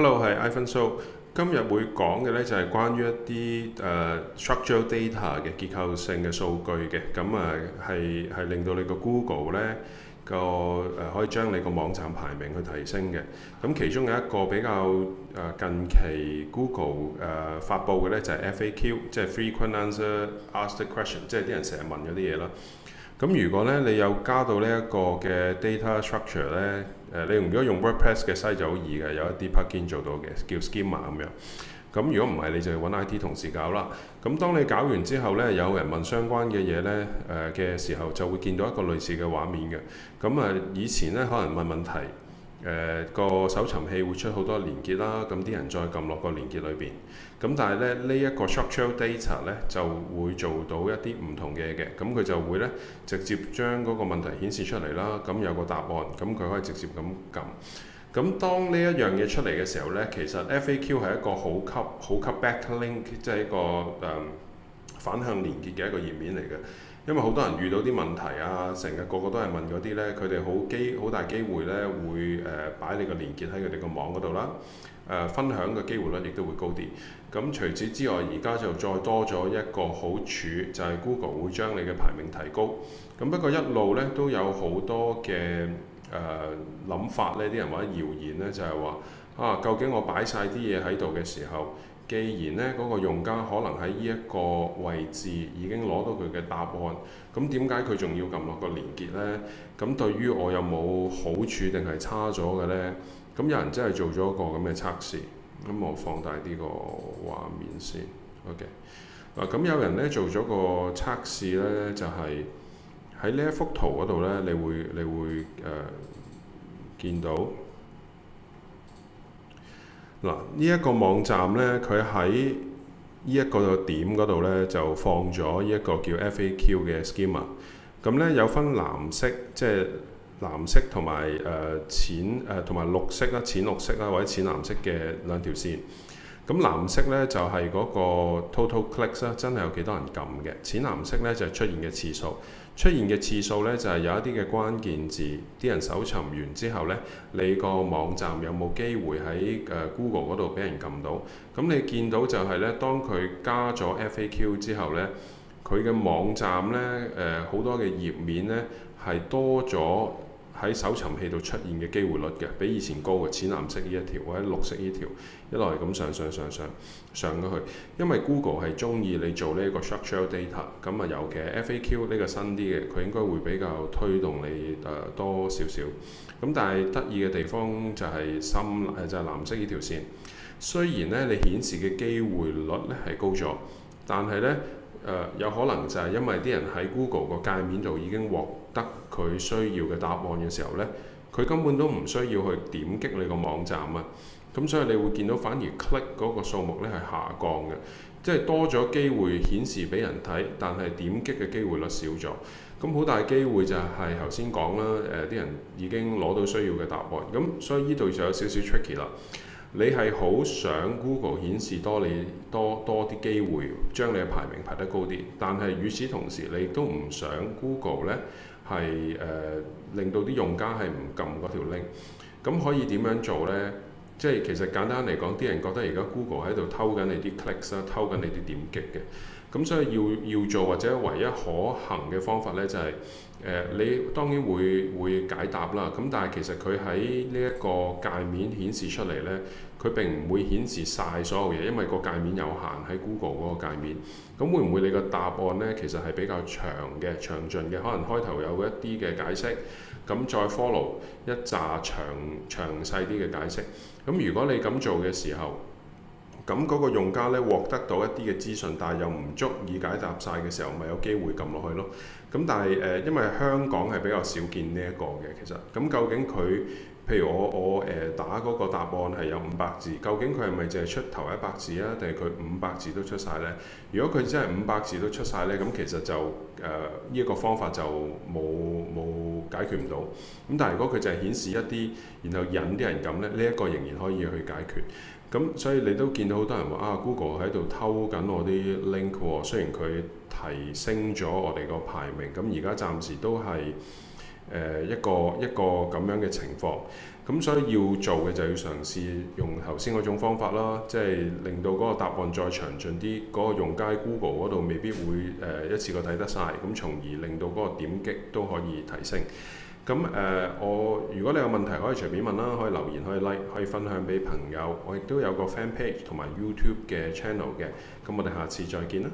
Hello，係 Ivan So。今日會講嘅咧就係關於一啲誒 structural data 嘅結構性嘅數據嘅，咁啊係係令到你個 Google 咧個誒可以將你個網站排名去提升嘅。咁其中有一個比較誒近期 Google 誒發布嘅咧就係 FAQ，即係 frequent answer asked question，即係啲人成日問嗰啲嘢啦。咁如果咧你有加到呢一個嘅 data structure 咧，誒、呃、你如果用 WordPress 嘅 site 就好易嘅，有一啲 part 件做到嘅，叫 schema 咁樣。咁如果唔係，你就要搵 IT 同事搞啦。咁當你搞完之後咧，有人問相關嘅嘢咧，誒、呃、嘅時候就會見到一個類似嘅畫面嘅。咁啊、呃，以前咧可能問問題。誒個搜尋器會出好多連結啦，咁啲人再撳落個連結裏邊，咁但係咧呢一個 structural data 咧就會做到一啲唔同嘅嘢嘅，咁佢就會咧直接將嗰個問題顯示出嚟啦，咁有個答案，咁佢可以直接咁撳。咁當呢一樣嘢出嚟嘅時候咧，其實 FAQ 係一個好級好級 back link，即係一個誒、呃、反向連結嘅一個頁面嚟嘅。因為好多人遇到啲問題啊，成日個個都係問嗰啲呢，佢哋好機好大機會呢會誒擺你個連結喺佢哋個網嗰度啦，誒分享嘅機會率亦都會高啲。咁除此之外，而家就再多咗一個好處，就係 Google 會將你嘅排名提高。咁不過一路呢都有好多嘅誒諗法呢，啲人或者謠言呢就係話。啊，究竟我擺晒啲嘢喺度嘅時候，既然呢嗰個用家可能喺呢一個位置已經攞到佢嘅答案，咁點解佢仲要撳落個連結呢？咁對於我有冇好處定係差咗嘅呢？咁有人真係做咗一個咁嘅測試，咁我放大啲個畫面先。OK，嗱，咁有人呢做咗個測試呢，就係喺呢一幅圖嗰度呢，你會你會誒見到。呢一個網站呢，佢喺呢一個點嗰度呢，就放咗呢一個叫 FAQ 嘅 schema。咁呢有分藍色，即係藍色同埋誒淺誒同埋綠色啦，淺綠色啦，或者淺藍色嘅兩條線。咁藍色呢，就係嗰個 total clicks 啊，真係有幾多人撳嘅。淺藍色呢，就係出現嘅次數，出現嘅次數呢，就係有一啲嘅關鍵字，啲人搜尋完之後呢，你個網站有冇機會喺 Google 嗰度俾人撳到？咁你見到就係呢。當佢加咗 FAQ 之後呢，佢嘅網站呢，誒好多嘅頁面呢，係多咗。喺搜尋器度出現嘅機會率嘅，比以前高嘅，淺藍色呢一條或者綠色呢條，一路係咁上上上上上咗去。因為 Google 係中意你做呢一個 structure data，咁啊尤其係 FAQ 呢個新啲嘅，佢應該會比較推動你誒、呃、多少少。咁但係得意嘅地方就係深誒就係、是、藍色呢條線，雖然呢，你顯示嘅機會率咧係高咗，但係呢。誒、uh, 有可能就係因為啲人喺 Google 個界面度已經獲得佢需要嘅答案嘅時候呢，佢根本都唔需要去點擊你個網站啊，咁所以你會見到反而 click 嗰個數目呢係下降嘅，即係多咗機會顯示俾人睇，但係點擊嘅機會率少咗，咁好大機會就係頭先講啦，誒、呃、啲人已經攞到需要嘅答案，咁所以呢度就有少少 tricky 啦。你係好想 Google 顯示多你多多啲機會，將你嘅排名排得高啲，但係與此同時，你亦都唔想 Google 呢係誒、呃、令到啲用家係唔撳嗰條 link。咁可以點樣做呢？即係其實簡單嚟講，啲人覺得而家 Google 喺度偷緊你啲 clicks 啦，偷緊你啲點擊嘅。咁所以要要做或者唯一可行嘅方法呢，就係、是、誒、呃、你當然會會解答啦。咁但係其實佢喺呢一個界面顯示出嚟呢，佢並唔會顯示晒所有嘢，因為個界面有限喺 Google 嗰個界面。咁會唔會你個答案呢，其實係比較長嘅、詳盡嘅，可能開頭有一啲嘅解釋。咁再 follow 一紮詳詳細啲嘅解釋。咁如果你咁做嘅時候，咁嗰個用家咧獲得到一啲嘅資訊，但係又唔足以解答晒嘅時候，咪有機會撳落去咯。咁但係誒、呃，因為香港係比較少見呢一個嘅，其實咁究竟佢？譬如我我誒、呃、打嗰個答案係有五百字，究竟佢係咪淨係出頭一百字啊，定係佢五百字都出晒呢？如果佢真係五百字都出晒呢，咁其實就誒呢一個方法就冇冇解決唔到。咁但係如果佢淨係顯示一啲，然後引啲人咁呢，呢、這、一個仍然可以去解決。咁所以你都見到好多人話啊，Google 喺度偷緊我啲 link，、哦、雖然佢提升咗我哋個排名，咁而家暫時都係。誒一個一個咁樣嘅情況，咁所以要做嘅就要嘗試用頭先嗰種方法啦，即係令到嗰個答案再詳盡啲，嗰、那個用家 Google 嗰度未必會誒、呃、一次過睇得晒，咁從而令到嗰個點擊都可以提升。咁誒、呃，我如果你有問題可以隨便問啦，可以留言，可以 like，可以分享俾朋友。我亦都有個 fan page 同埋 YouTube 嘅 channel 嘅，咁我哋下次再見啦。